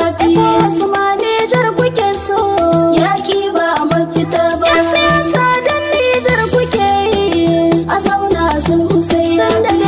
zafi su ma kuke so ba a mafita ba yan siyasa kuke a zauna sulhu sai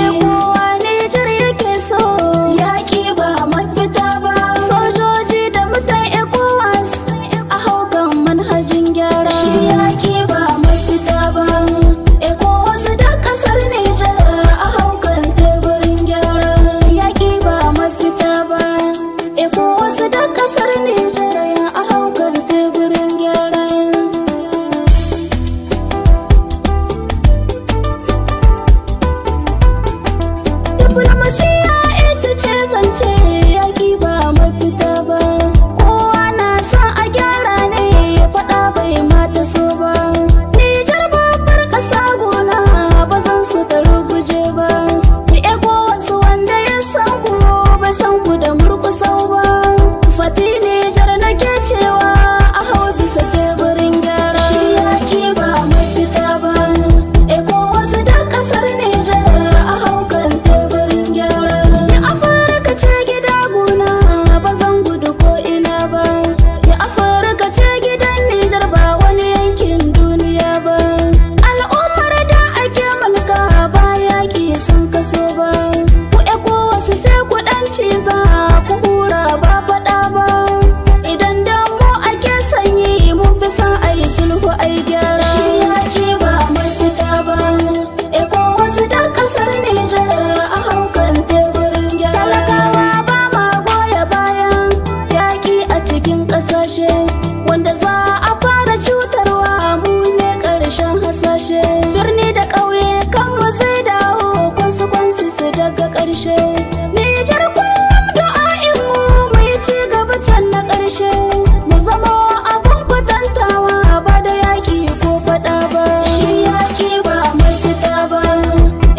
ƙarshe Nijar kullum du'a'in mu mai ci gaba can na ƙarshe Mu zama abun kwatantawa ba da yaƙi ko faɗa ba Shi yaƙi ba mafita ba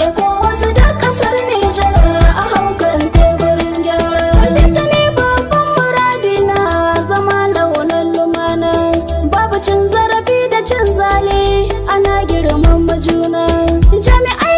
Eko wasu da ƙasar Nijar a haukan teburin gyara Abinda ne babban muradi na zama launin lumana Babu cin zarafi da cin zali ana girman majuna Jami'ai